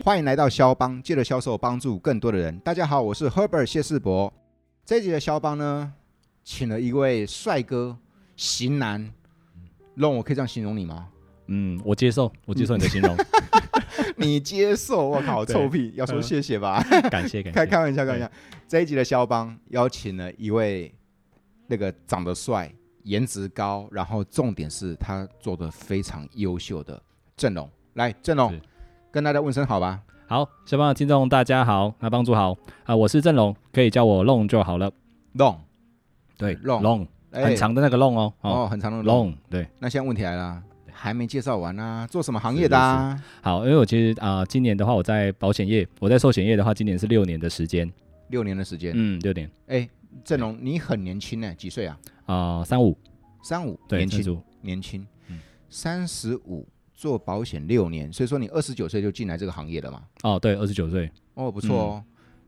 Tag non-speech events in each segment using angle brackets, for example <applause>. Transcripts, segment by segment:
歡迎來到銷幫，借着銷售幫助更多的人。大家好，我是 Herbert 謝世博。這一集的銷幫呢，請了一位帥哥型男，政龍，嗯、我可以這樣形容你嗎？嗯，我接受，我接受你的形容。你， <laughs> <laughs> 你接受？我靠，對臭屁！要說謝謝吧，感謝、嗯、感謝。開開玩笑，開玩笑。一嗯、這一集的銷幫邀請了一位那個長得帥、顏值高，然後重點是他做的非常優秀的政龍。來，政龍。跟大家問聲好吧，好，下方的聽眾大家好，那幫主好啊，我是政龍，可以叫我龍就好了，龍，對，龍，龍，很長的那個龍哦，哦，很長的龍，對。那現在問題來了，還沒介紹完呢，做什麼行業的？啊？好，因為我其實啊，今年的話，我在保險業，我在壽險業的話，今年是六年的時間，六年的時間，嗯，六年。哎，政龍，你很年輕呢，幾歲啊？啊，三五，三五，對，年輕，年輕，三十五。做保險六年，所以說你二十九歲就進來這個行業了嘛？哦，對，二十九歲，哦，不錯哦，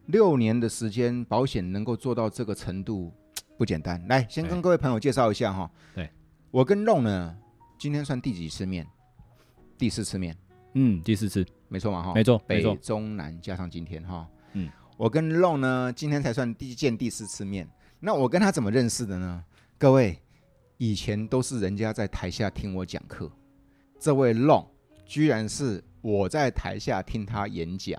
六、嗯、年的時間，保險能夠做到這個程度不簡單。來，先跟各位朋友介紹一下哈。對，我跟弄呢，今天算第幾次面？第四次面。嗯，第四次，沒錯嘛哈，沒錯錯，北錯中南加上今天哈，嗯，我跟弄呢，今天才算第見第四次面。那我跟他怎麼認識的呢？各位，以前都是人家在台下聽我講課。這位 Long 居然是我在台下聽他演講，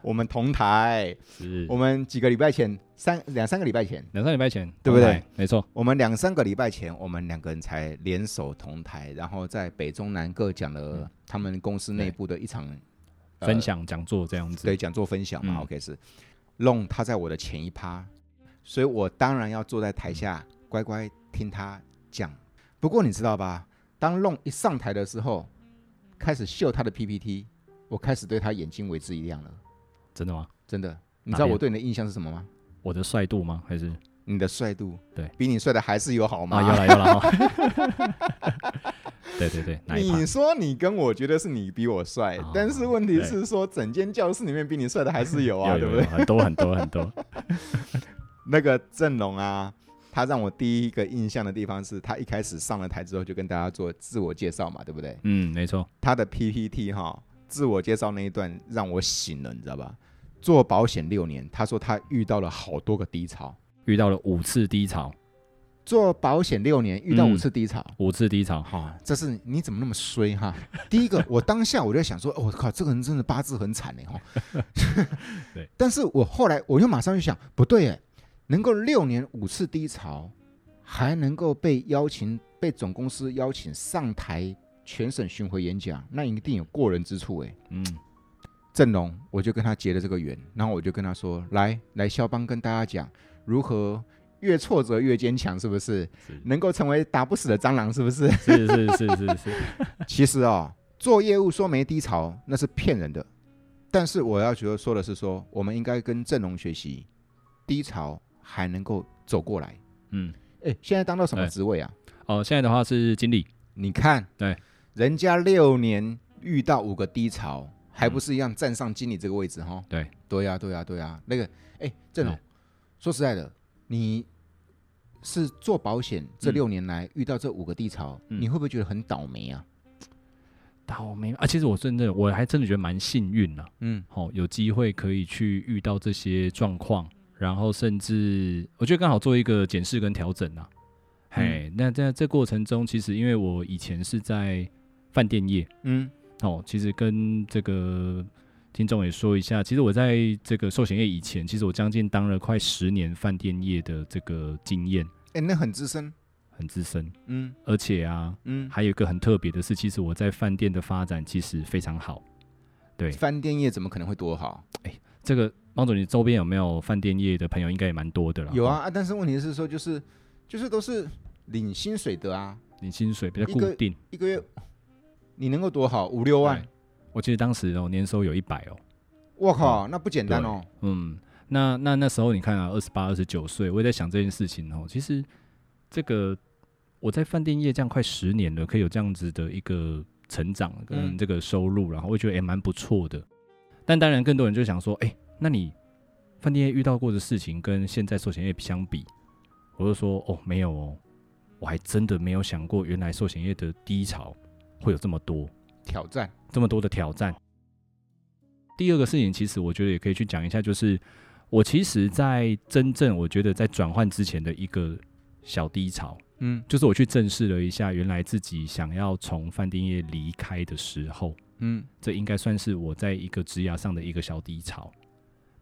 我們同台是，我們幾個禮拜前三兩三個禮拜前兩三個禮拜前對不對？沒錯，我們兩三個禮拜前我們兩個人才聯手同台，然後在北中南各講了他們公司內部的一場分享講座這樣子，對，講座分享嘛，OK 是。Long 他在我的前一趴，所以我當然要坐在台下乖乖聽他講。不過你知道吧？當龍一上台的時候，開始秀他的 PPT，我開始對他眼睛為之一亮了。真的嗎？真的。你知道我對你的印象是什麼嗎？我的帥度嗎？還是你的帥度？對，比你帥的還是有好嗎？有了有了。對對對，你說你跟我覺得是你比我帥，但是問題是說，整間教室裡面比你帥的還是有啊，對不對？很多很多很多。那個政龍啊。他讓我第一個印象的地方是他一開始上了台之後就跟大家做自我介紹嘛，對不對？嗯，沒錯。他的 PPT 哈、哦，自我介紹那一段讓我醒了，你知道吧？做保險六年，他說他遇到了好多個低潮，遇到了五次低潮。做保險六年，遇到五次低潮，嗯、五次低潮哈，這是你怎麼那麼衰哈？ <laughs> 第一個，我當下我就想說，我、哦、靠，這個人真的八字很慘哎。哦、 <laughs> 對。但是我後來我又馬上就想，不對哎。能夠六年五次低潮，還能夠被邀請、被總公司邀請上台全省巡迴演講，那一定有過人之處誒。嗯，政龍，我就跟他結了這個緣，然後我就跟他說：“來，來，銷幫跟大家講如何越挫折越堅強，是不是？能夠成為打不死的蟑螂，是不是？是是是是是，是 <laughs> 其實哦，做業務說沒低潮那是騙人的，但是我要覺得說的是說，我們應該跟政龍學習低潮。”還能夠走過來，嗯，哎、欸，現在當到什麼職位啊？哦、呃，現在的話是經理。你看，對，人家六年遇到五個低潮，嗯、還不是一樣站上經理這個位置哈對、啊？對、啊，對呀，對呀，對呀。那個，哎、欸，政龍，嗯、說實在的，你是做保險這六年來遇到這五個低潮，嗯、你會不會覺得很倒霉啊？倒霉啊！其實我真的，我還真的覺得蠻幸運的，啊。嗯，好，有機會可以去遇到這些狀況。然後甚至我覺得剛好做一個檢視跟調整吶，啊嗯，那在這過程中，其實因為我以前是在飯店業，嗯，哦，其實跟這個聽眾也說一下，其實我在這個壽險業以前，其實我將近當了快十年飯店業的這個經驗，哎，那很資深，很資深，嗯，而且啊，嗯，還有一個很特別的是，其實我在飯店的發展其實非常好，對，飯店業怎麼可能會多好？哎，這個。王總，幫主你周邊有沒有飯店業的朋友？應該也蠻多的了，嗯啊。有啊，但是問題是說，就是就是都是領薪水的啊，領薪水比較固定，一個，一個月你能夠多好五六萬？我記得當時哦，喔，年收有一百哦，喔。我靠，嗯，那不簡單哦，喔。嗯，那那那時候你看啊，二十八、二十九歲，我也在想這件事情哦，喔。其實這個我在飯店業這樣快十年了，可以有這樣子的一個成長跟這個收入，嗯，然後我也覺得也，欸、蠻不錯的。但當然，更多人就想說，哎、欸。那你飯店業遇到過的事情跟現在壽險業相比，我就說哦，沒有哦，我還真的沒有想過，原來壽險業的低潮會有這麼多挑戰，這麼多的挑戰。哦、第二個事情，其實我覺得也可以去講一下，就是我其實，在真正我覺得在轉換之前的一個小低潮，嗯，就是我去正視了一下原來自己想要從飯店業離開的時候，嗯，這應該算是我在一個職涯上的一個小低潮。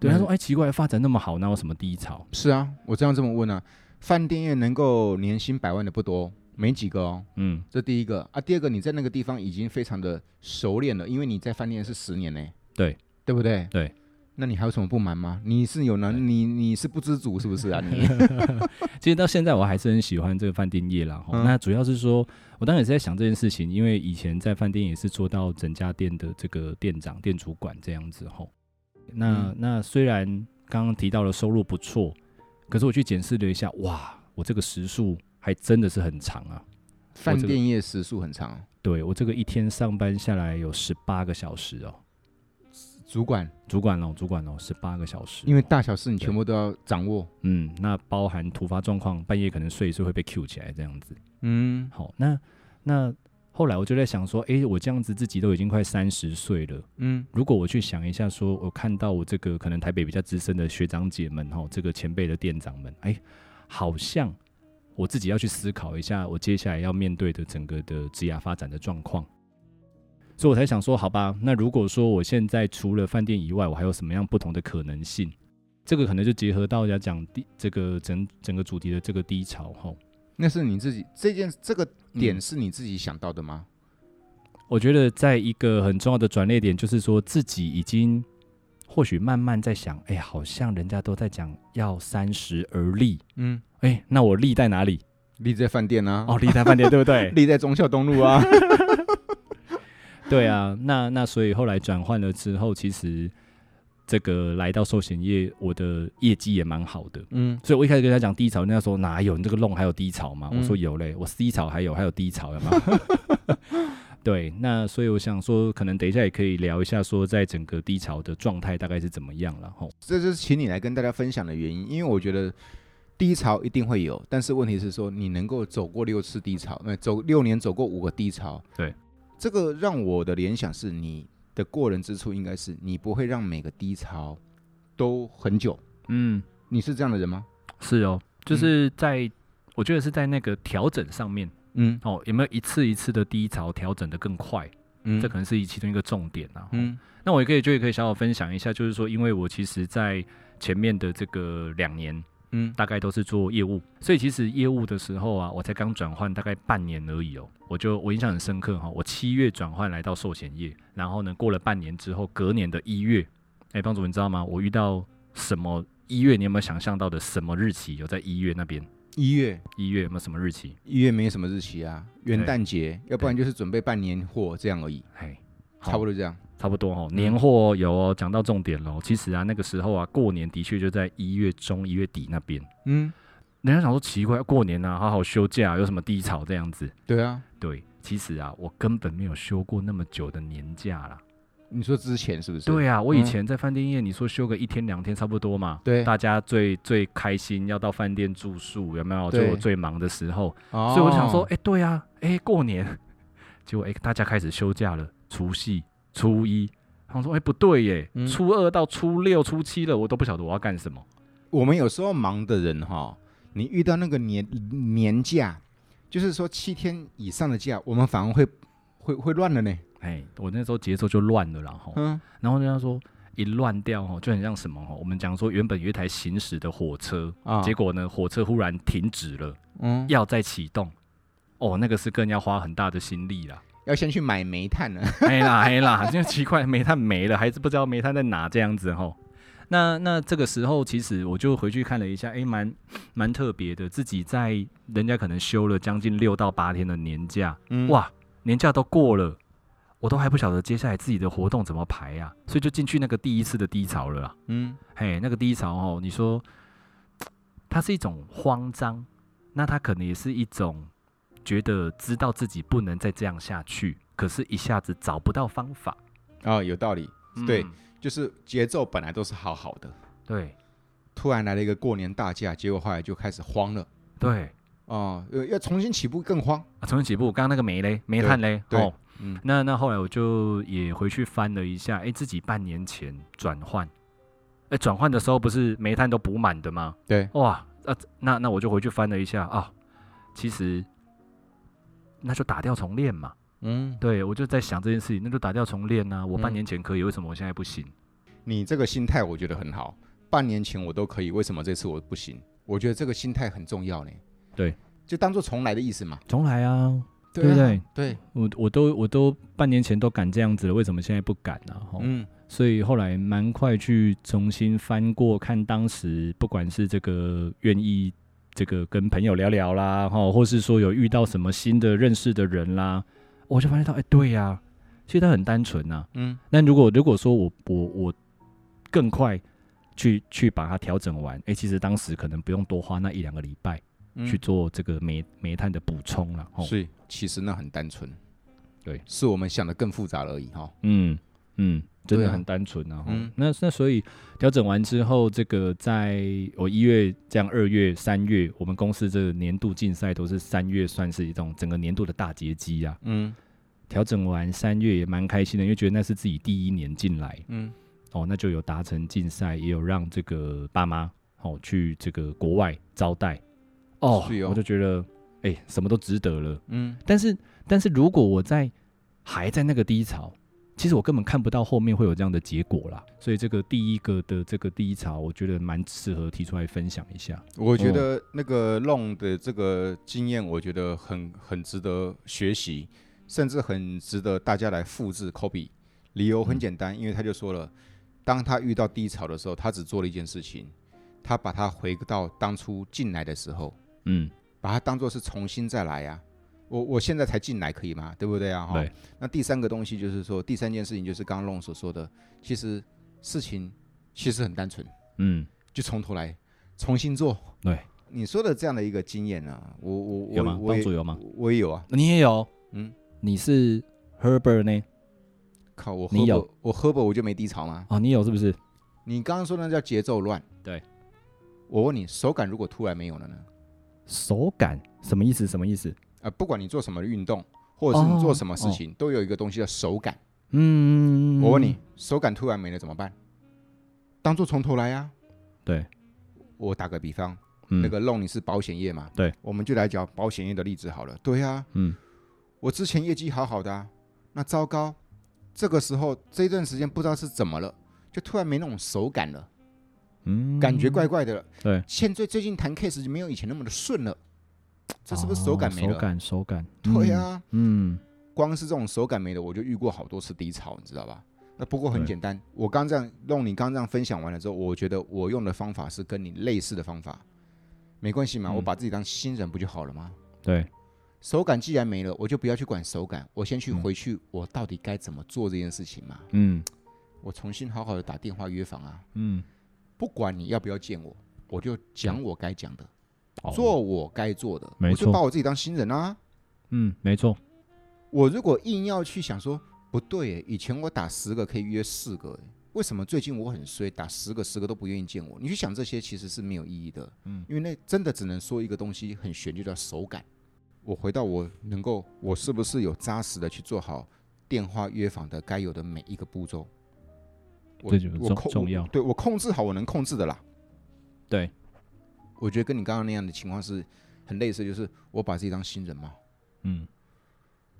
對，他說：“哎，奇怪，發展那麼好，哪有什麼低潮、嗯？”是啊，我這樣這麼問呢、啊。飯店業能夠年薪百萬的不多，沒幾個哦。嗯，這第一個啊，第二個，你在那個地方已經非常的熟練了，因為你在飯店是十年呢。對，對不對？對，那你還有什麼不滿嗎？你是有能，對你你是不知足，是不是啊？你 <laughs> <laughs> 其實到現在我還是很喜歡這個飯店業啦。吼、嗯，那主要是說我當時也在想這件事情，因為以前在飯店也是做到整家店的這個店長、店主管這樣子那那雖然剛剛提到了收入不錯，可是我去檢視了一下，哇，我這個時數還真的是很長啊！飯店業時數很長。我這個、對，我這個一天上班下來有十八個小時哦、喔主管喔。主管、喔？主管哦，主管哦，十八個小時、喔。因為大小事你全部都要掌握。嗯，那包含突發狀況，半夜可能睡一睡會被 Q 起來這樣子。嗯，好，那那。後來我就在想說，哎、欸，我這樣子自己都已經快三十歲了，嗯，如果我去想一下說，說我看到我這個可能台北比較資深的學長姐們齁，這個前輩的店長們，哎、欸，好像我自己要去思考一下，我接下來要面對的整個的職涯發展的狀況，所以我才想說，好吧，那如果說我現在除了飯店以外，我還有什麼樣不同的可能性？這個可能就結合到要講第這個整整個主題的這個低潮齁，那是你自己這件這個。嗯、點是你自己想到的嗎？我覺得在一個很重要的轉捩點，就是說自己已經或許慢慢在想，哎、欸，好像人家都在講要三十而立，嗯，哎、欸，那我立在哪裡？立在飯店呢、啊？哦，立在飯店 <laughs> 對不對？立在忠孝東路啊？ <laughs> <laughs> 對啊，那那所以後來轉換了之後，其實。這個來到壽險業，我的業績也蠻好的，嗯，所以我一開始跟他講低潮，人家說哪有你這個龍？還有低潮嗎？嗯、我說有嘞，我 C 潮還有，還有低潮的嘛。有有 <laughs> <laughs> 對，那所以我想說，可能等一下也可以聊一下，說在整個低潮的狀態大概是怎麼樣了。吼，這就是請你來跟大家分享的原因，因為我覺得低潮一定會有，但是問題是說你能夠走過六次低潮，那走六年走過五個低潮，對，這個讓我的聯想是你。的過人之處應該是你不會讓每個低潮都很久，嗯，你是這樣的人嗎？是哦，就是在、嗯、我覺得是在那個調整上面，嗯，哦，有沒有一次一次的低潮調整得更快？嗯，這可能是其中一個重點啊。嗯、哦，那我也可以就也可以小小分享一下，就是說，因為我其實，在前面的這個兩年。嗯，大概都是做業務，所以其實業務的時候啊，我才剛轉換大概半年而已哦、喔。我就我印象很深刻哈、喔，我七月轉換來到壽險業，然後呢，過了半年之後，隔年的一月，哎、欸，幫主你知道嗎？我遇到什麼一月？你有沒有想象到的什麼日期？有在一月那邊？一月，一月有沒有什麼日期？一月沒什麼日期啊，元旦節，對要不然就是準備辦年貨這樣而已。哦、差不多這樣，差不多哦。年貨、哦嗯、有哦，講到重點嘍、哦。其實啊，那個時候啊，過年的確就在一月中、一月底那邊。嗯，人家想說，奇怪，過年吶、啊，好好休假，有什麼低潮這樣子？對啊，對。其實啊，我根本沒有休過那麼久的年假啦。你說之前是不是？對啊，我以前在飯店業，你說休個一天兩天差不多嘛。對、嗯，大家最最開心要到飯店住宿，有沒有？對就我最忙的時候。哦、所以我想說，哎、欸，對啊，哎、欸，過年， <laughs> 結果哎、欸，大家開始休假了。除夕初，初一，他們說：“哎，不對耶！嗯、初二到初六、初七了，我都不曉得我要幹什麼。”我們有時候忙的人哈、哦，你遇到那個年年假，就是說七天以上的假，我們反而會會會亂了呢。哎，我那時候節奏就亂了、哦，嗯、然後，然後人家說一亂掉哦，就很像什麼、哦？我們講說原本有一台行駛的火車，哦、結果呢，火車忽然停止了，嗯，要再啟動，哦，那個是更要花很大的心力啦。要先去買煤炭了、 <laughs> 欸，欸啦欸啦，就奇怪 <laughs> 煤炭沒了，還是不知道煤炭在哪這樣子吼。那那這個時候，其實我就回去看了一下，哎、欸，蠻蠻特別的，自己在人家可能休了將近六到八天的年假，嗯、哇，年假都過了，我都還不曉得接下來自己的活動怎麼排呀、啊，所以就進去那個第一次的低潮了、啊。嗯，嘿，那個低潮吼，你說，它是一種慌張，那它可能也是一種。覺得知道自己不能再這樣下去，可是一下子找不到方法啊、哦，有道理，嗯、對，就是節奏本來都是好好的，對，突然來了一個過年大假，結果後來就開始慌了，對，哦，要重新起步更慌，啊、重新起步，剛剛那個煤嘞，煤炭嘞，對哦，對嗯、那那後來我就也回去翻了一下，哎，自己半年前轉換，哎，轉換的時候不是煤炭都補滿的嗎？對，哇，啊、那那我就回去翻了一下啊、哦，其實。那就打掉重練嘛。嗯，對，我就在想這件事情，那就打掉重練啊。我半年前可以，嗯、為什麼我現在不行？你這個心態我覺得很好。半年前我都可以，為什麼這次我不行？我覺得這個心態很重要呢。對，就當做重來的意思嘛。重來啊，對不對？對，啊、對，我我都我都半年前都敢這樣子了，為什麼現在不敢呢、啊？嗯，所以後來蠻快去重新翻過看當時，不管是這個願意。這個跟朋友聊聊啦，哈，或是說有遇到什麼新的認識的人啦，我就發現到，哎、欸，對呀、啊，其實他很單純吶、啊，嗯，那如果如果說我我我更快去去把它調整完，哎、欸，其實當時可能不用多花那一兩個禮拜去做這個煤、嗯、煤炭的補充了，哦、所以其實那很單純，對，是我們想的更複雜而已，哈、哦嗯，嗯嗯。真的很單純啊,啊！嗯，那那所以調整完之後，這個在我哦、一月這樣二月三月，我們公司這個年度競賽都是三月算是一種整個年度的大結集啊。嗯，調整完三月也蠻開心的，因為覺得那是自己第一年進來。嗯，哦，那就有達成競賽，也有讓這個爸媽哦去這個國外招待哦，哦我就覺得哎、欸、什麼都值得了。嗯，但是但是如果我在還在那個低潮。其實我根本看不到後面會有這樣的結果了，所以這個第一個的這個低潮，我覺得蠻適合提出來分享一下。我覺得那個龍的這個經驗，我覺得很很值得學習，甚至很值得大家來複制。copy 理由很簡單，因為他就說了，當他遇到低潮的時候，他只做了一件事情，他把他回到當初進來的時候，嗯，把他當作是重新再來呀、啊。我我現在才進來，可以嗎？對不對啊？哈。對。那第三個東西就是說，第三件事情就是剛剛龍所說的，其實事情其實很單純，嗯，就從頭來重新做。對。你說的這樣的一個經驗呢、啊，我我我我有嗎,有嗎我？我也有啊。你也有？嗯。你是 Herber 呢？靠，我 Herber, 你有我 Herber 我就沒低潮嗎？啊，你有是不是？你剛剛說的那叫節奏亂。對。我問你，手感如果突然沒有了呢？手感什麼意思？什麼意思？呃，不管你做什麼運動，或者是做什麼事情，oh, oh. 都有一個東西叫手感。嗯、mm，hmm. 我問你，手感突然沒了怎麼辦？當做從頭來呀、啊。對，我打個比方，嗯、那個弄你是保險業嘛？對，我們就來講保險業的例子好了。對呀、啊，嗯，我之前業績好好的、啊，那糟糕，這個時候這一段時間不知道是怎麼了，就突然沒那種手感了，嗯，感覺怪怪的了。對，現在最近談 case 就沒有以前那麼的順了。這是不是手感沒了？哦、手感，手感，對呀，嗯，啊、嗯，光是這種手感沒了，我就遇過好多次低潮，你知道吧？那不過很簡單，對我剛這樣弄，你剛這樣分享完了之後，我覺得我用的方法是跟你類似的方法，沒關係嘛，嗯、我把自己當新人不就好了嗎？對，手感既然沒了，我就不要去管手感，我先去回去，我到底該怎麼做這件事情嘛？嗯，我重新好好的打電話約訪啊，嗯，不管你要不要見我，我就講我該講的。做我該做的。哦，沒錯，我就把我自己當新人啊。嗯，沒錯。我如果硬要去想說不對，以前我打十個可以約四個，為什麼最近我很衰，打十個十個都不願意見我？你去想這些其實是沒有意義的。嗯，因為那真的只能說一個東西，很玄就叫手感。我回到我能夠，我是不是有扎實的去做好電話約訪的該有的每一個步驟？我我控重要我，對，我控制好我能控制的啦。對。我覺得跟你剛剛那樣的情況是很類似，就是我把自己當新人嘛，嗯，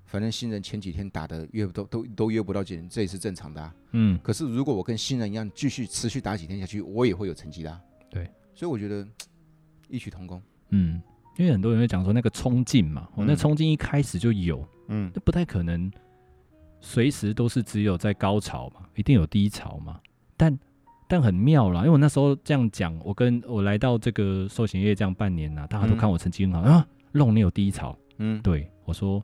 反正新人前幾天打的約不都都都約不到幾人，這也是正常的、啊，嗯。可是如果我跟新人一樣繼續持續打幾天下去，我也會有成績的、啊。對，所以我覺得異曲同工，嗯。因為很多人會講說那個衝勁嘛，我、哦、那衝勁一開始就有，嗯，那不太可能隨時都是只有在高潮嘛，一定有低潮嘛，但。但很妙了，因為我那時候這樣講，我跟我來到這個壽險業這樣半年了、啊，大家都看我成績很好、嗯、啊。龍你有低潮？嗯，對，我說，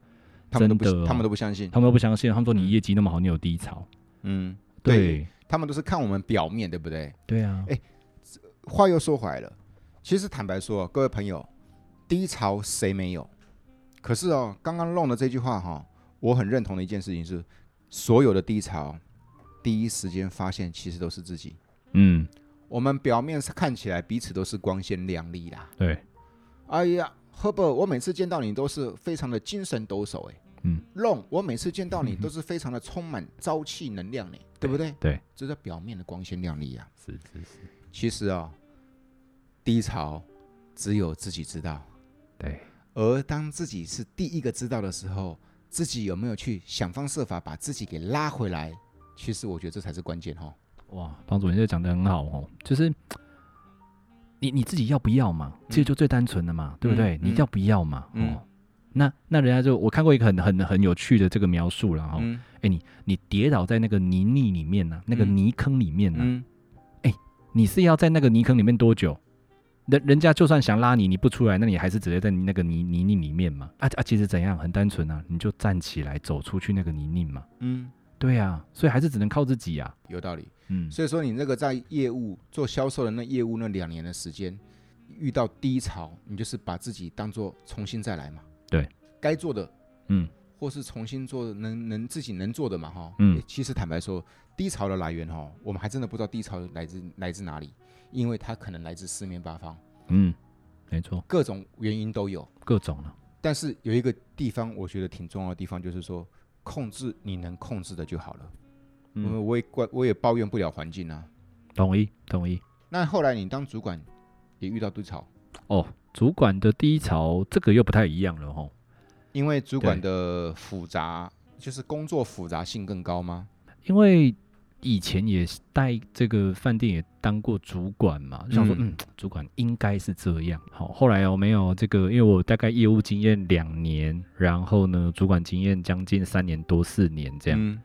真的，他們都不，啊、他們都不相信，他們都不相信，嗯、他們說你業績那麼好，你有低潮？嗯，對，對他們都是看我們表面，對不對？對啊。哎、欸，話又說回來了，其實坦白說，各位朋友，低潮誰沒有？可是哦，剛剛龍的這句話哈、哦，我很認同的一件事情是，所有的低潮，第一時間發現其實都是自己。嗯，我們表面是看起來彼此都是光鮮亮麗啦。對，哎呀赫伯，ber, 我每次見到你都是非常的精神抖擻哎。嗯 Long 我每次見到你都是非常的充滿朝氣能量的、欸嗯嗯、對不對？對，對這是表面的光鮮亮麗呀、啊。是是是，是其實啊、喔，低潮只有自己知道。對，而當自己是第一個知道的時候，自己有沒有去想方設法把自己給拉回來？其實我覺得這才是關鍵哈。哇，幫主你這講的很好、嗯、哦，就是你你自己要不要嘛？這就最單純的嘛，嗯、對不對？嗯、你要不要嘛？嗯、哦，那那人家就我看過一個很很很有趣的這個描述啦哈。哎、哦嗯，你你跌倒在那個泥濘裡面呢、啊？那個泥坑裡面呢、啊？哎、嗯，你是要在那個泥坑裡面多久？人人家就算想拉你，你不出來，那你還是直接在你那個泥泥濘裡面嘛？啊啊，其實怎樣很單純啊，你就站起來走出去那個泥濘嘛。嗯，對呀、啊，所以還是只能靠自己呀、啊，有道理。嗯，所以說你那個在業務做銷售的那業務那兩年的時間，遇到低潮，你就是把自己當做重新再來嘛。對，該做的，嗯，或是重新做能能自己能做的嘛，哈。嗯，其實坦白說，低潮的來源哈，我們還真的不知道低潮來自來自哪裡，因為它可能來自四面八方。嗯，沒錯，各種原因都有。各種了。但是有一個地方我覺得挺重要的地方，就是說控制你能控制的就好了。我我也怪我也抱怨不了環境啊，同意同意。同意，那後來你當主管也遇到低潮？哦，主管的低潮這個又不太一樣了哦。因為主管的複雜對就是工作複雜性更高嗎？因為以前也帶這個飯店也當過主管嘛，嗯、就想說嗯，主管應該是這樣。好，後來我、哦、沒有這個，因為我大概業務經驗兩年，然後呢，主管經驗將近三年多四年這樣。嗯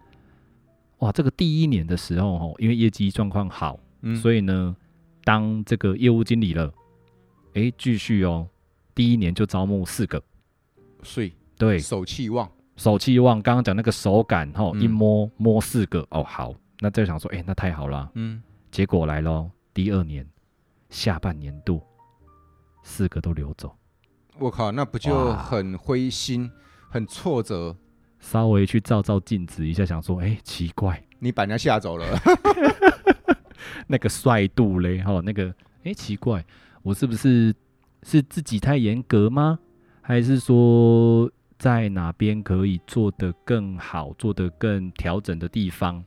哇，這個第一年的時候，因為業績狀況好，嗯、所以呢，當這個業務經理了，哎，繼續哦，第一年就招募四個，水對，對，手氣旺，手氣旺，剛剛講那個手感，哦，一摸、嗯、摸四個，哦，好，那再想說，哎，那太好了、啊，嗯，結果來了，第二年下半年度四個都流走，我靠，那不就很灰心，哇很挫折。稍微去照照鏡子一下，想說，哎、欸，奇怪，你把人家嚇走了， <laughs> <laughs> 那個帥度嘞，吼，哦，那個，哎、欸，奇怪，我是不是是自己太嚴格嗎？還是說在哪邊可以做得更好，做得更調整的地方？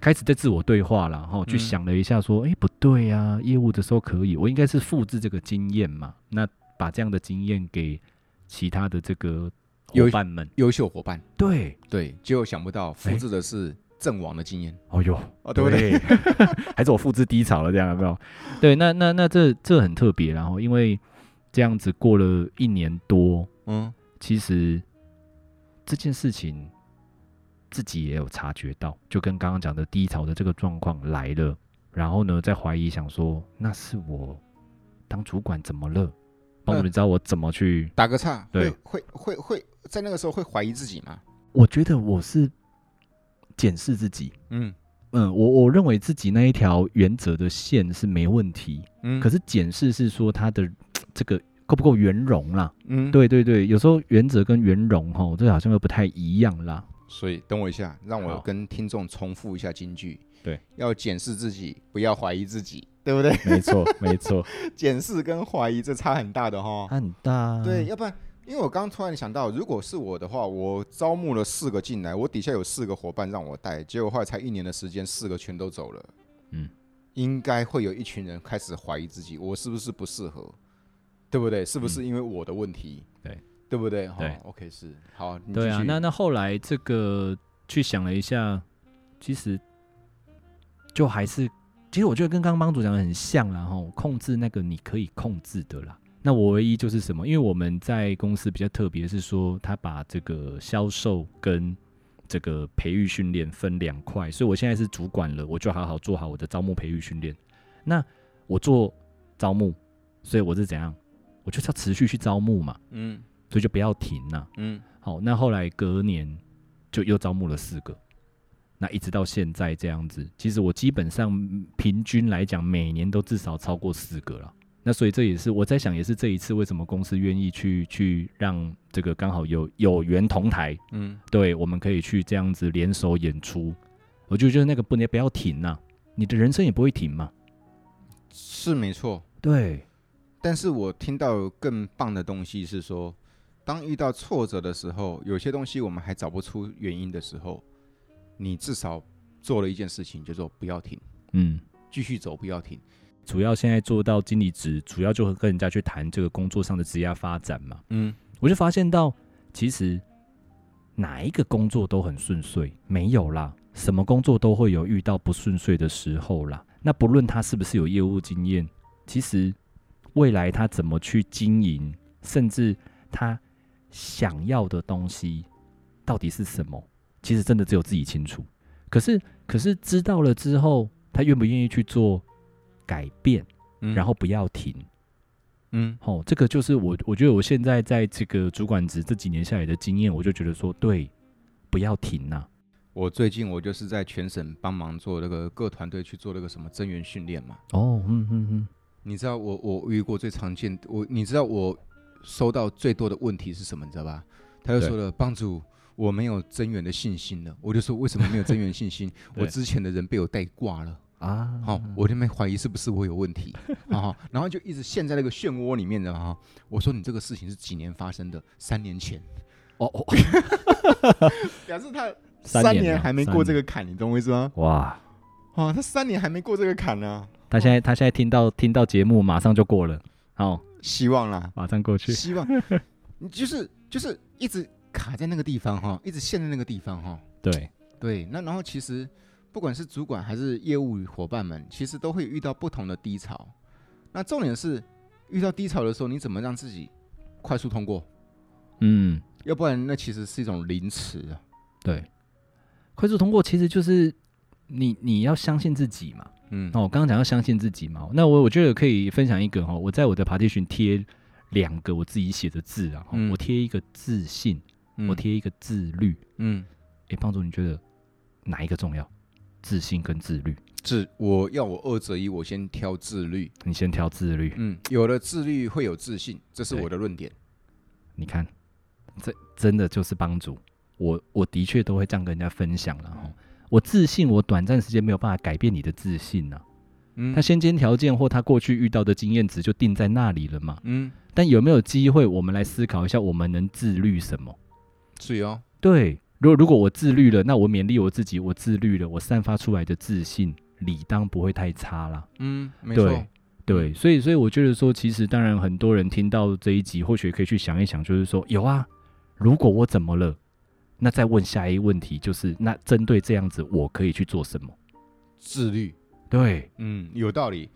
開始在自我對話了，哈、哦，嗯、去想了一下，說，哎、欸，不對呀，啊，業務的時候可以，我應該是複製這個經驗嘛，那把這樣的經驗給其他的這個。夥伴們，優秀，優秀夥伴，對對，就想不到複製的是陣亡的經驗。哎、哦呦哦，對不對？對 <laughs> 還是我複製低潮了這樣，不、嗯、對，那那那這這很特別。然後因為這樣子過了一年多，嗯，其實這件事情自己也有察覺到，就跟剛剛講的低潮的這個狀況來了，然後呢，在懷疑想說，那是我當主管怎麼了？嗯、幫你知道我怎麼去打個岔，對，會會會在那個時候會懷疑自己嗎？我覺得我是檢視自己，嗯嗯，我我認為自己那一條原則的線是沒問題，嗯，可是檢視是說它的這個夠不夠圓融啦，嗯，對對對，有時候原則跟圓融哈，這好像又不太一樣啦。所以等我一下，讓我跟聽眾重複一下金句，對，要檢視自己，不要懷疑自己。對不對？沒錯，沒錯，檢視 <laughs> 跟懷疑這差很大的哈，很大、啊。對，要不然，因為我剛突然想到，如果是我的話，我招募了四個進來，我底下有四個夥伴讓我帶，結果後來才一年的時間，四個全都走了。嗯，應該會有一群人開始懷疑自己，我是不是不適合？對不對？是不是因為我的問題？嗯、對，對不對？好，OK，是好。對啊，那那後來這個去想了一下，其實就還是。其實我覺得跟剛剛幫主講的很像啦，吼，控制那個你可以控制的啦。那我唯一就是什麼？因為我們在公司比較特別，是說他把這個銷售跟這個培育訓練分兩塊，所以我現在是主管了，我就好好做好我的招募培育訓練。那我做招募，所以我是怎樣？我就是要持續去招募嘛，嗯，所以就不要停啦、啊。嗯。好，那後來隔年就又招募了四個。那一直到現在這樣子，其實我基本上平均來講，每年都至少超過四個了。那所以這也是我在想，也是這一次為什麼公司願意去去讓這個剛好有有緣同台，嗯，對，我們可以去這樣子聯手演出。我就覺得就那個不，你不要停吶，啊，你的人生也不會停嘛。是沒錯，對。但是我聽到更棒的東西是說，當遇到挫折的時候，有些東西我們還找不出原因的時候。你至少做了一件事情，就說不要停，嗯，繼續走，不要停。主要現在做到經理職，主要就會跟人家去談這個工作上的職涯發展嘛，嗯，我就發現到，其實哪一個工作都很順遂，沒有啦，什麼工作都會有遇到不順遂的時候啦。那不論他是不是有業務經驗，其實未來他怎麼去經營，甚至他想要的東西到底是什麼？其實真的只有自己清楚，可是可是知道了之後，他願不願意去做改變，嗯、然後不要停，嗯，好、哦，這個就是我我覺得我現在在這個主管職這幾年下來的經驗，我就覺得說對，不要停吶、啊。我最近我就是在全省幫忙做那個各團隊去做那個什麼增員訓練嘛。哦，嗯嗯嗯，嗯，你知道我我遇過最常見我，你知道我收到最多的問題是什麼？你知道吧？他就說了對幫主。我沒有增員的信心了，我就說為什麼沒有增員信心？我之前的人被我帶掛了啊！好，我就沒懷疑是不是我有問題啊？然後就一直陷在那個漩渦裡面的哈。我說你這個事情是幾年發生的？三年前哦哦，表示他三年還沒過這個坎，你懂我意思嗎？哇哇，他三年還沒過這個坎呢。他現在他現在聽到聽到節目馬上就過了，好，希望啦，馬上過去，希望你就是就是一直，卡在那個地方哈，一直陷在那個地方哈。對對，那然後其實不管是主管還是業務夥伴們，其實都會遇到不同的低潮。那重點是遇到低潮的時候，你怎麼讓自己快速通過？嗯，要不然那其實是一種凌遲啊。對，快速通過其實就是你你要相信自己嘛。嗯，那我剛剛講要相信自己嘛。那我我覺得可以分享一個哈、哦，我在我的 partition 貼兩個我自己寫的字啊，嗯、我貼一個自信。我貼一個自律，嗯，誒、嗯，欸，幫主，你覺得哪一個重要？自信跟自律？自我要我二擇一，我先挑自律。你先挑自律，嗯，有了自律會有自信，這是我的論點。你看，嗯、這真的就是幫主，我我的確都會這樣跟人家分享了、嗯、我自信，我短暫時間沒有辦法改變你的自信呢。嗯，他先天條件或他過去遇到的經驗值就定在那裡了嘛。嗯，但有沒有機會，我們來思考一下，我們能自律什麼？自由、哦、對，如果如果我自律了，那我勉勵我自己，我自律了，我散發出來的自信理當不會太差啦。嗯，沒錯，對，所以所以我覺得說，其實當然很多人聽到這一集，或許可以去想一想，就是說有啊，如果我怎麼了，那再問下一個問題，就是那針對這樣子，我可以去做什麼？自律，對，嗯，有道理。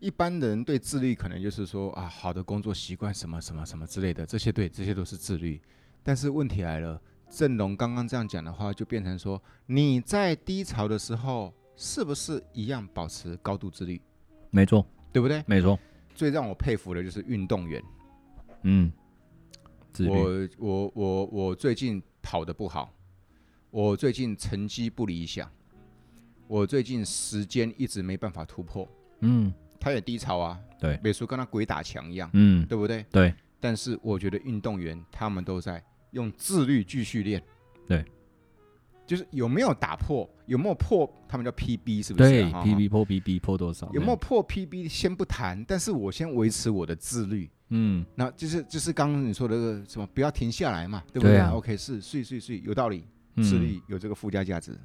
一般人對自律可能就是說啊，好的工作習慣，什麼什麼什麼之類的，這些對，這些都是自律。但是問題來了，政龍剛剛這樣講的話，就變成說，你在低潮的時候是不是一樣保持高度自律？沒錯錯，對不對？沒錯錯。最讓我佩服的就是運動員。嗯，我我我我最近跑得不好，我最近成績不理想，我最近時間一直沒辦法突破。嗯，他也低潮啊。對，每說跟他鬼打牆一樣。嗯，對不對？對。但是我覺得運動員他們都在，用自律繼續練，對，就是有沒有打破，有沒有破？他們叫 P B 是不是、啊？對哈，P B 破，B B 破多少？有沒有破 P B 先不談，對但是我先維持我的自律，嗯，那就是就是剛剛你說的什麼不要停下來嘛，對不對,、啊對啊、？OK，是是是是，有道理，自律、嗯、有這個附加價值，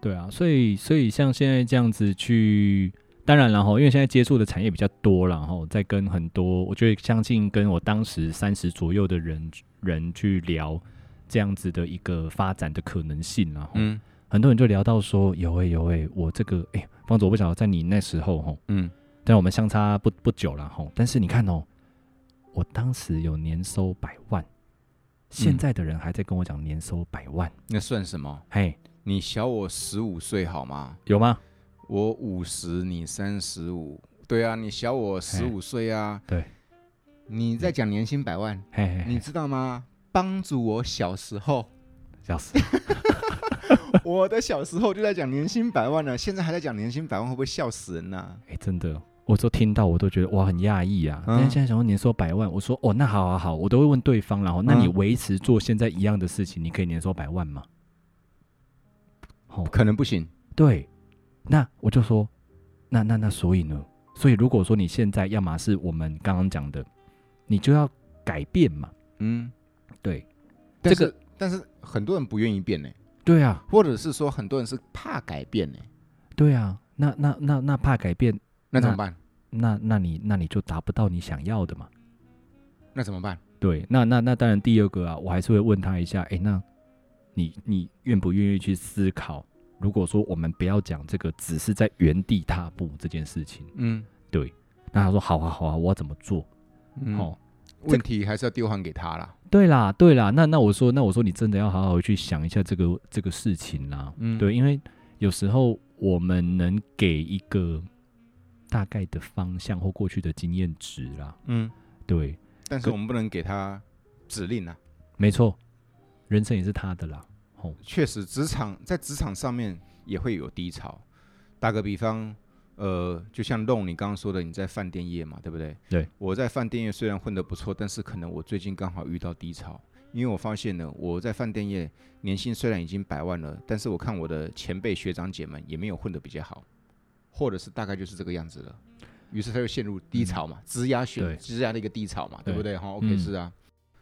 對啊，所以所以像現在這樣子去。當然了，吼，然後因為現在接觸的產業比較多，然後在跟很多，我覺得相信跟我當時三十左右的人人去聊這樣子的一個發展的可能性，然後、嗯、很多人就聊到說：“有誒、欸，有誒、欸，我這個誒、欸，方總，我不曉得在你那時候，嗯，但我們相差不不久了，吼，但是你看哦，我當時有年收百萬，現在的人還在跟我講年收百萬、嗯，那算什麼？嘿，你小我十五歲好嗎？有嗎？”我五十，你三十五，對啊，你小我十五歲啊。對，你在講年薪百萬，嘿嘿嘿你知道嗎？幫助我小時候，小時笑死！ <laughs> 我的小時候就在講年薪百萬了，現在還在講年薪百萬，會不會笑死人吶、啊？哎、欸，真的，我都聽到我都覺得哇，很訝異啊。嗯、但是現在講年收百萬，我說哦，那好啊好，好，我都會問對方，然、哦、後那你維持做現在一樣的事情，你可以年收百萬嗎？嗯、哦，可能不行，對。那我就說，那那那，所以呢？所以如果說你現在要麼是我們剛剛講的，你就要改變嘛。嗯，對。但是但是，這個、但是很多人不願意變呢。對啊。或者是說，很多人是怕改變呢。對啊。那那那那怕改變，那怎麼辦？那那，那你那你就達不到你想要的嘛。那怎麼辦？對。那那那當然，第二個啊，我還是會問他一下，哎、欸，那你你願不願意去思考？如果說我們不要講這個只是在原地踏步這件事情，嗯，對，那他說好啊好啊，我怎麼做？好、嗯，哦、問題、這個、還是要丟還給他啦。對啦，對啦，那那我說，那我說你真的要好好去想一下這個這個事情啦，嗯，對，因為有時候我們能給一個大概的方向或過去的經驗值啦，嗯，對，但是我們不能給他指令啊，沒錯，人生也是他的啦。確實，職場在職場上面也會有低潮。打個比方，呃，就像龍你剛剛說的，你在飯店業嘛，對不對？對。我在飯店業雖然混得不錯，但是可能我最近剛好遇到低潮，因為我發現呢，我在飯店業年薪雖然已經百萬了，但是我看我的前輩學長姐們也沒有混得比較好，或者是大概就是這個樣子了。於是他又陷入低潮嘛，職涯、嗯、血職涯，對的一個低潮嘛，對不對？好 OK 是啊。嗯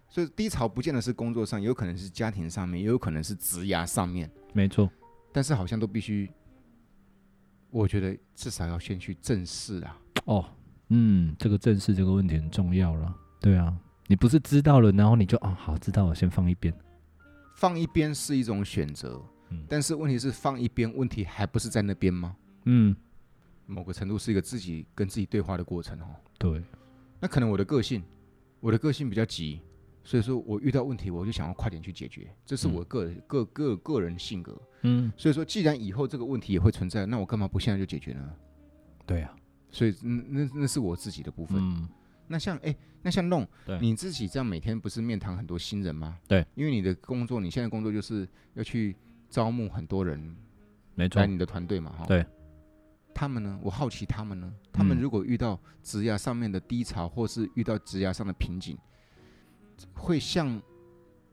所以低潮不見得是工作上，也有可能是家庭上面，也有可能是職涯上面。沒錯，但是好像都必須，我覺得至少要先去正視啊。哦，嗯，這個正視這個問題很重要了。對啊，你不是知道了，然後你就啊、哦、好，知道了，先放一邊，放一邊是一種選擇。嗯，但是問題是放一邊，問題還不是在那邊嗎？嗯，某個程度是一個自己跟自己對話的過程哦。對，那可能我的個性，我的個性比較急。所以說我遇到問題，我就想要快點去解決，這是我個個個個、個人性格。所以說，既然以後這個問題也會存在，那我幹嘛不現在就解決呢？對啊，所以那那那是我自己的部分。那像哎，那像龍你自己這樣每天不是面談很多新人嗎？對，因為你的工作，你現在工作就是要去招募很多人，來你的團隊嘛哈。對，他們呢？我好奇他們呢？他們如果遇到職涯上面的低潮，或是遇到職涯上的瓶頸？會像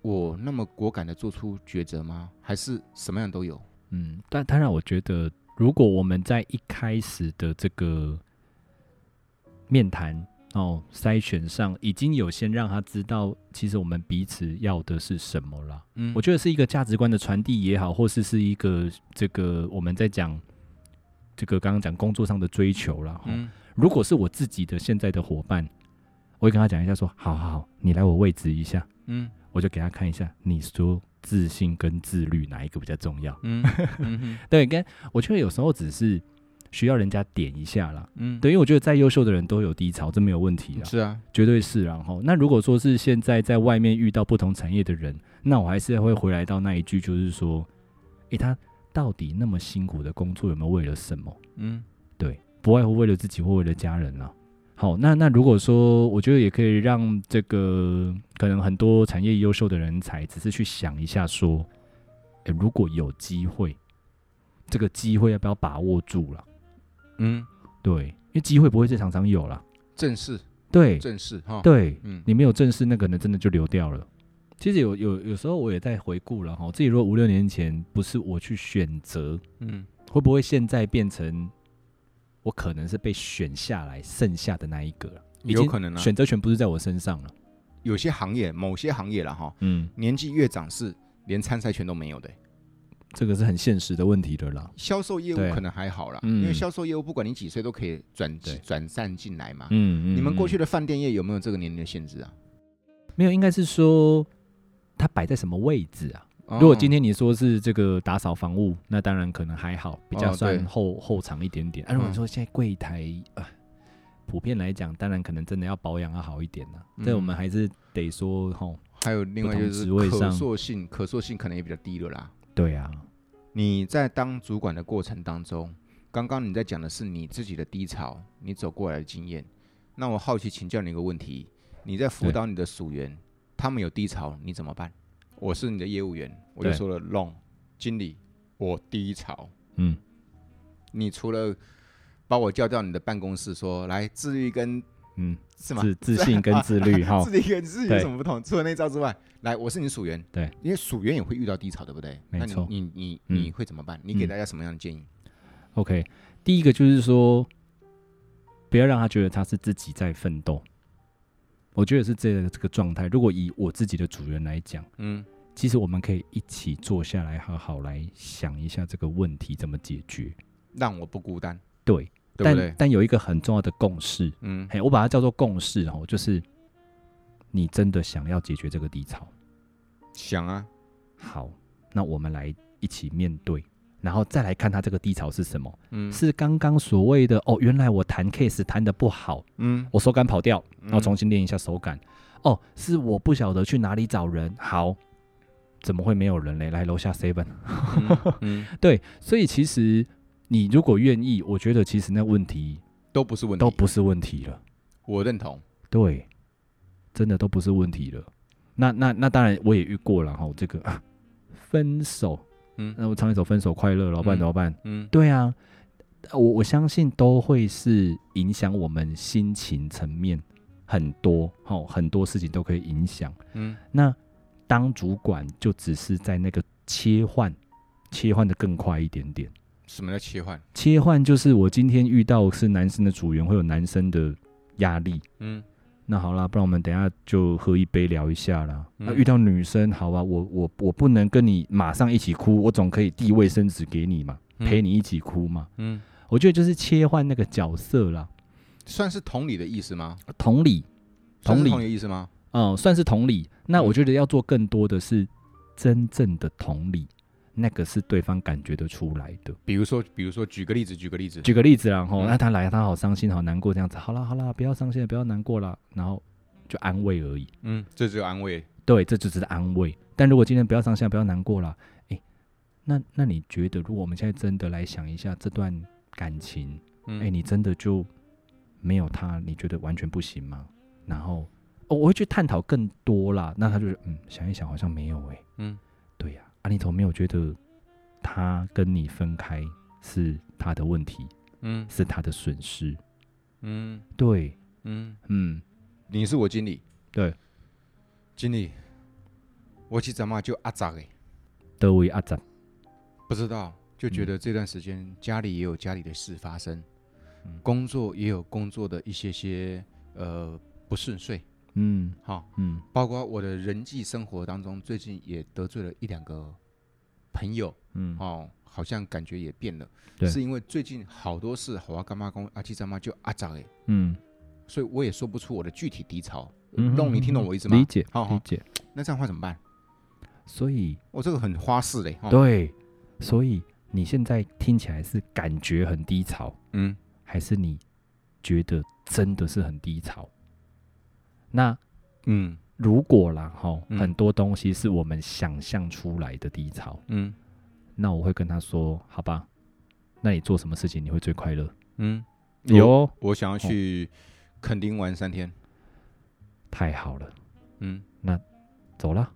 我那麼果敢的做出抉擇嗎？還是什麼樣都有？嗯，但他讓我覺得，如果我們在一開始的這個面談哦篩選上，已經有先讓他知道，其實我們彼此要的是什麼了。嗯，我覺得是一個價值觀的傳遞也好，或是是一個這個我們在講這個剛剛講工作上的追求了。哦、嗯，如果是我自己的現在的伙伴。我會跟他講一下說，說好好好，你來我位置一下，嗯，我就給他看一下。你說自信跟自律哪一個比較重要？嗯，嗯 <laughs> 對，跟我覺得有時候只是需要人家點一下啦。嗯，對，因為我覺得再優秀的人都有低潮，這沒有問題啊，是啊，絕對是。然後，那如果說是現在在外面遇到不同產業的人，那我還是會回來到那一句，就是說，誒、欸，他到底那麼辛苦的工作，有沒有為了什麼？嗯，對，不外乎為了自己或為了家人啊。好，那那如果說，我覺得也可以讓這個可能很多產業優秀的人才，只是去想一下說，說、欸，如果有機會，這個機會要不要把握住了？嗯，對，因為機會不會是常常有了，正視對，正視哈，哦、對，嗯，你沒有正視，那可能真的就流掉了。其實有有有時候我也在回顧了哈，自己如果五六年前不是我去選擇，嗯，會不會現在變成？我可能是被選下來剩下的那一個，有可能啊。選擇權不是在我身上了，有，啊。有些行業，某些行業了哈，嗯，年紀越長是連參賽權都沒有的、欸，這個是很現實的問題的啦。銷售業務可能還好啦，對因為銷售業務不管你幾歲都可以轉轉戰進來嘛。嗯，嗯嗯。你們過去的飯店業有沒有這個年齡的限制啊？沒有，應該是說它擺在什麼位置啊？如果今天你說是這個打掃房屋，那當然可能還好，比較算後後場一點點。那、啊、如果說現在櫃檯、嗯、啊，普遍來講，當然可能真的要保養要好一點了、啊。嗯、這我們還是得說吼，哦、還有另外就是可塑，位上可塑性，可塑性可能也比較低了啦。對啊，你在當主管的過程當中，剛剛你在講的是你自己的低潮，你走過來的經驗。那我好奇請教你一個問題：你在輔導你的屬員，對他們有低潮，你怎麼辦？我是你的業務員，我就說了，龍，經理，我低潮，嗯，你除了把我叫到你的辦公室，說來自律跟嗯是嗎？自自信跟自律哈，自律跟自律有什麼不同？除了那招之外，來，我是你屬員，對，因為屬員也會遇到低潮，對不對？沒錯，你你你會怎麼辦？你給大家什麼樣的建議？OK，第一個就是說，不要讓他覺得他是自己在奮鬥。我覺得是這個這個狀態。如果以我自己的主人來講，嗯，其實我們可以一起坐下來，好好來想一下這個問題怎麼解決，讓我不孤單。對，對對但但有一個很重要的共識，嗯嘿，我把它叫做共識哦，就是你真的想要解決這個低潮，想啊，好，那我們來一起面對。然後再來看他這個低潮是什麼？嗯，是剛剛所謂的哦，原來我彈 case 彈的不好，嗯，我手感跑掉，然後重新練一下手感。嗯、哦，是我不曉得去哪裡找人。好，怎麼會沒有人嘞？來樓下 seven。對，所以其實你如果願意，我覺得其實那問題都不是問題，都不是問題了。我認同，對，真的都不是問題了。那那那當然我也遇過了哈，這個、啊、分手。嗯，那我唱一首《分手快樂》，老闆，嗯，老闆。嗯，對啊，我我相信都會是影響我們心情層面很多，哦，很多事情都可以影響。嗯，那當主管就只是在那個切換，切換得更快一點點。什麼叫切換？切換就是我今天遇到是男生的組員，會有男生的壓力。嗯。那好啦，不然我們等一下就喝一杯聊一下啦。那、嗯啊、遇到女生，好吧、啊，我我我不能跟你馬上一起哭，我總可以遞衛生紙給你嘛，嗯、陪你一起哭嘛。嗯，我覺得就是切換那個角色啦，算是同理的意思嗎？啊、同理，同理，同理的意思嗎？嗯，算是同理。那我覺得要做更多的是真正的同理。那個是對方感覺得出來的，比如說，比如說，舉個例子，舉個例子，舉個例子，然後，那、嗯啊、他來，他好傷心，好難過，這樣子，好啦，好啦，不要傷心，不要難過啦，然後就安慰而已。嗯，這就安慰，對，這就只是安慰。但如果今天不要傷心，不要難過啦，哎，那那你覺得，如果我們現在真的來想一下這段感情，哎、嗯，你真的就沒有他，你覺得完全不行嗎？然後，哦，我會去探討更多啦。那他就是，嗯，想一想，好像沒有、欸，哎，嗯，對呀、啊。阿裡頭沒有覺得他跟你分開是他的問題，嗯，是他的損失，嗯，對，嗯嗯，嗯，你是我經理，對，經理，我去怎麼就阿扎誒，德維阿扎，不知道，就覺得這段時間家裡也有家裡的事發生，嗯，工作也有工作的一些些呃不順遂。嗯，好，嗯，包括我的人際生活當中，最近也得罪了一兩個朋友，嗯，哦，好像感覺也變了，對，是因為最近好多事，好啊，乾媽公阿七丈媽就阿丈哎，嗯，所以我也說不出我的具體低潮，弄你聽懂我意思嗎？理解，哦，理解。那這樣話怎麼辦？所以，我這個很花式嘞，對，所以你現在聽起來是感覺很低潮，嗯，還是你覺得真的是很低潮？那，嗯，如果啦哈，哦嗯、很多東西是我們想象出來的低潮，嗯，那我會跟他說，好吧，那你做什麼事情你會最快樂？嗯，有，哦、我想要去墾丁玩三天，哦、太好了，嗯，那走了，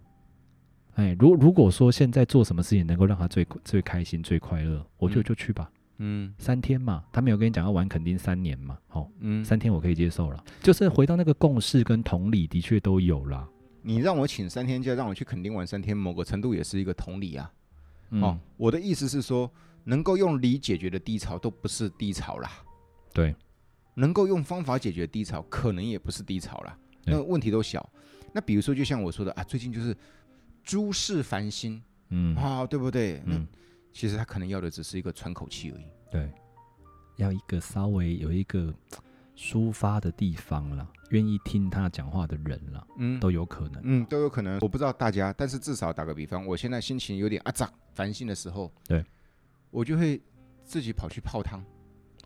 哎，如如果說現在做什麼事情能夠讓他最最開心最快樂，我就、嗯、就去吧。嗯，三天嘛，他沒有跟你講要玩，墾丁三年嘛，好，哦，嗯，三天我可以接受了，就是回到那個共識跟同理的確都有了。你讓我請三天假，讓我去墾丁玩三天，某個程度也是一個同理啊。哦，嗯、我的意思是說，能夠用理解決的低潮都不是低潮啦。對，能夠用方法解決的低潮，可能也不是低潮啦。那個、問題都小。對那比如說，就像我說的啊，最近就是諸事煩心，嗯，好，啊，對不對？嗯。其實他可能要的只是一個喘口氣而已，對，要一個稍微有一個抒發的地方了，願意聽他講話的人了，嗯，都有可能，嗯，都有可能。我不知道大家，但是至少打個比方，我現在心情有點阿雜，煩心的時候，對，我就會自己跑去泡湯。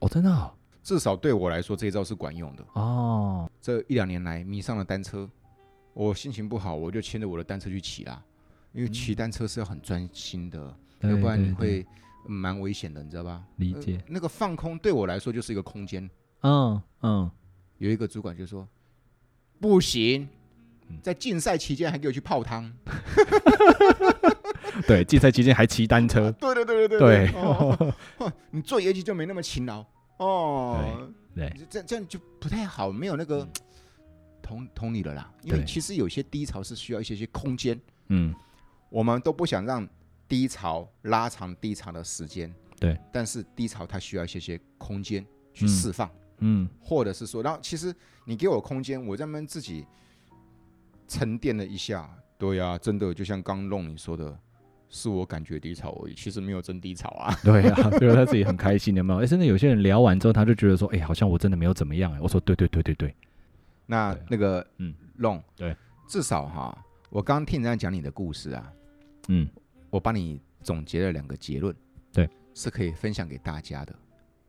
哦，真的哦？至少對我來說，這一招是管用的哦。這一兩年來迷上了單車，我心情不好，我就牽着我的單車去騎啦，因為騎單車是要很專心的。嗯要不然你會蠻危險的，你知道吧？理解。那個放空對我來說就是一個空間。嗯嗯。有一個主管就說：“不行，在競賽期間還給我去泡湯。”對，競賽期間還騎單車。對對對對對。你做業績就沒那麼勤勞哦。對。這這樣就不太好，沒有那個同同理的啦。因為其實有些低潮是需要一些些空間。嗯。我們都不想讓。低潮拉長低潮的時間，對，但是低潮它需要一些些空間去釋放，嗯，嗯，或者是說，然後其實你給我空間，我在那邊自己沉澱了一下。對呀，啊，真的就像剛龍你說的，是我感覺低潮而已，其實沒有真低潮啊。對呀，啊，所、就、以、是、他自己很開心，有沒有？哎，欸，甚至有些人聊完之後，他就覺得說，哎，欸，好像我真的沒有怎麼樣，欸。哎，我說，對對對對對。那那個嗯，龍對，至少哈，啊，我剛聽人家講你的故事啊，嗯。我幫你總結了兩個結論，對，是可以分享給大家的。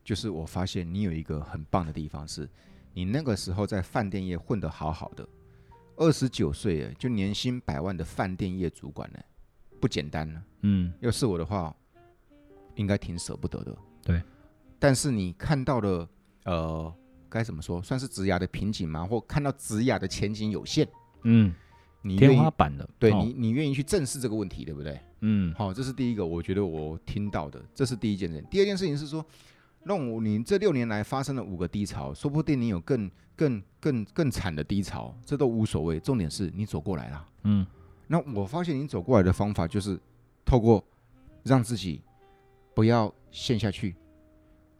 就是我發現你有一個很棒的地方是，是你那個時候在飯店業混得好好的，二十九歲就年薪百萬的飯店業主管呢，不簡單呢、啊。嗯，要是我的話，應該挺捨不得的。對，但是你看到了，呃，該怎麼說，算是職涯的瓶頸嘛，或看到職涯的前景有限。嗯。天花板的，對你，你願意去正視這個問題，對不對？嗯，好，這是第一個，我覺得我聽到的，這是第一件事情。第二件事情是說，那我你這六年來發生了五個低潮，說不定你有更更更更慘的低潮，這都無所謂。重點是你走過來了，嗯。那我發現你走過來的方法就是透過讓自己不要陷下去，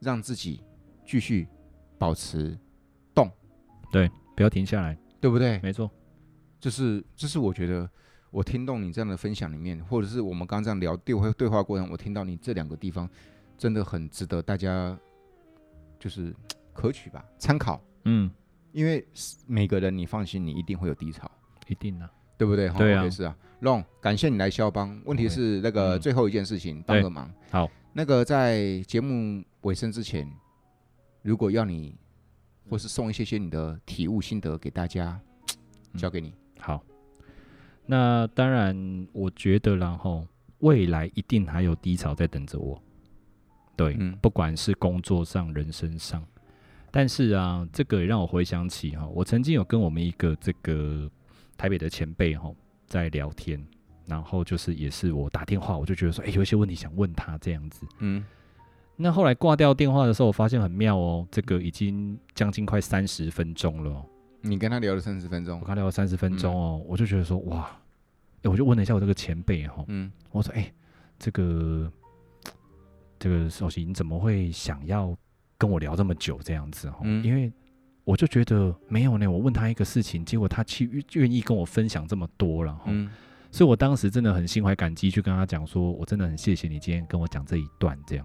讓自己繼續保持動，對，不要停下來，對不對？沒錯。就是，就是我覺得，我聽懂你這樣的分享裡面，或者是我們剛剛這樣聊對話對話過程，我聽到你這兩個地方，真的很值得大家，就是可取吧，參考。嗯，因為每個人，你放心，你一定會有低潮，一定的，啊，對不對？嗯、對啊，也是啊。龍、啊、感謝你來銷幫。問題是那個最後一件事情，okay, 嗯、幫個忙。好，那個在節目尾聲之前，如果要你，或是送一些些你的體悟心得給大家，嗯、交給你。好，那當然，我覺得，然後未來一定還有低潮在等着我。對，嗯、不管是工作上、人生上。但是啊，這個也讓我回想起哈，我曾經有跟我們一個這個台北的前輩哈在聊天，然後就是也是我打電話，我就覺得說，哎、欸，有一些問題想問他這樣子。嗯。那後來掛掉電話的時候，我發現很妙哦，這個已經將近快三十分鐘了。你跟他聊了三十分鐘，我跟他聊了三十分鐘哦，嗯、我就覺得說哇、欸，我就問了一下我這個前輩哈，嗯，我說誒、欸，這個這個首席你怎麼會想要跟我聊這麼久這樣子哈？嗯、因為我就覺得沒有呢，我問他一個事情，結果他去願意跟我分享這麼多了，嗯，所以我當時真的很心懷感激，去跟他講說，我真的很謝謝你今天跟我講這一段這樣，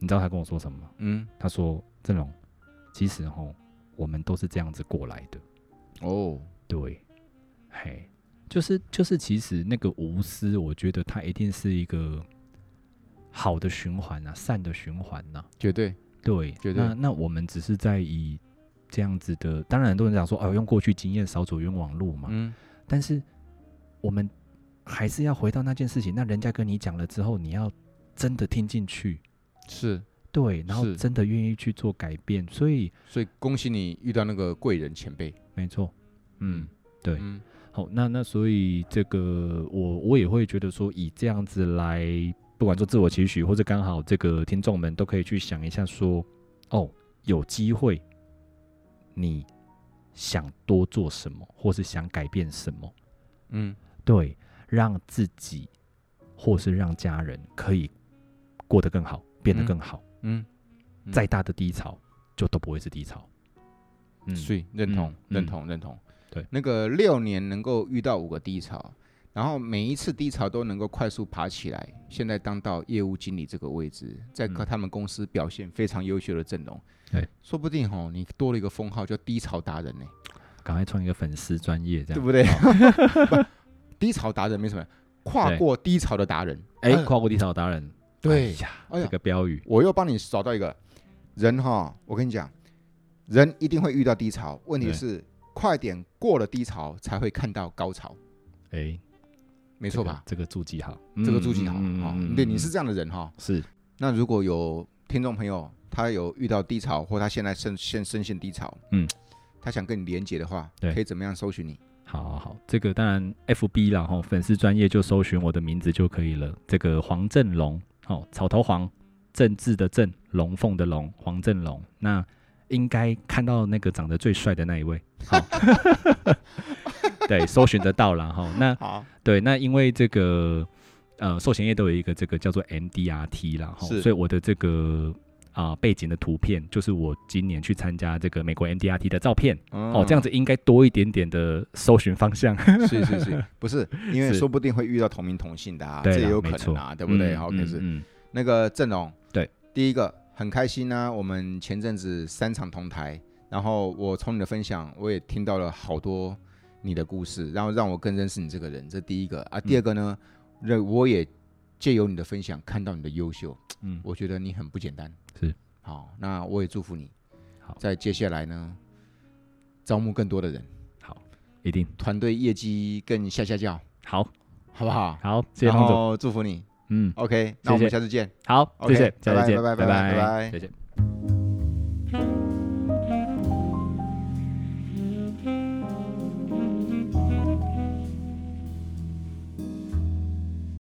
你知道他跟我說什麼嗎？嗯，他說政龍，其實哈。我們都是這樣子過來的，哦，oh. 對，嘿，就是就是，其實那個無私，我覺得它一定是一個好的循環吶、啊，善的循環吶、啊，絕對，對，絕對。那那我們只是在以這樣子的，當然很多人講說哦，用過去經驗少走冤枉路嘛，嗯，但是我們還是要回到那件事情，那人家跟你講了之後，你要真的聽進去，是。對，然後真的願意去做改變，是所以所以恭喜你遇到那個貴人前輩，沒錯，嗯，嗯對，嗯、好，那那所以這個我我也會覺得說，以這樣子來，不管做自我期許，嗯、或者剛好這個聽眾們都可以去想一下說，說哦，有機會，你想多做什麼，或是想改變什麼，嗯，對，讓自己或是讓家人可以過得更好，嗯、變得更好。嗯，再大的低潮就都不會是低潮，嗯，所以認同、認同、認同。對，那個六年能夠遇到五個低潮，然後每一次低潮都能夠快速爬起來，現在當到業務經理這個位置，在跟他們公司表現非常優秀的陣容，對，說不定哦，你多了一個封號叫低潮達人呢。趕快創一個粉絲專業，這樣對不對？低潮達人沒什麼，跨過低潮的達人，哎，跨過低潮的達人。對呀，這個標語，我又幫你找到一個人哈。我跟你講，人一定會遇到低潮，問題是快點過了低潮才會看到高潮。哎，沒錯吧？這個注記好，這個注記好啊。對，你是這樣的人哈。是。那如果有聽眾朋友他有遇到低潮，或他現在深陷深陷低潮，嗯，他想跟你連結的話，可以怎麼樣搜尋你？好好好，這個當然 F B 啦哈，粉絲專頁就搜尋我的名字就可以了。這個黃政龍。哦，草頭黃，政治的政，龍鳳的龍，黃政龍，那應該看到那個長得最帥的那一位。好，對，搜尋得到了哈、哦。那好對，那因為這個呃，壽險業都有一個這個叫做 MDRT 了哈，哦、是所以我的這個。啊、呃，背景的圖片就是我今年去參加這個美國 MDRT 的照片，嗯、哦，這樣子應該多一點點的搜尋方向。 <laughs> 是是是，不是因為說不定會遇到同名同姓的啊，這也有可能啊，錯對不對？嗯、好，可是，嗯嗯、那個政龍，對，第一個很開心呢，啊，我們前陣子三場同台，然後我從你的分享，我也聽到了好多你的故事，然後讓我更認識你這個人，這第一個啊，第二個呢，認、嗯，我也借由你的分享看到你的優秀，嗯，我覺得你很不簡單。是好，那我也祝福你。好，在接下來呢，招募更多的人。好，一定團隊業績更嚇嚇叫。好，好不好？好，謝謝祝福你。嗯，OK，那我們下次見。好，謝謝，再見，拜拜，拜拜，拜拜，拜拜。